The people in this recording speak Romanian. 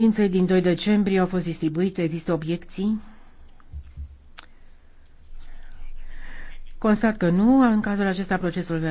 Ședinței din 2 decembrie au fost distribuite, există obiecții? Constat că nu, în cazul acesta procesul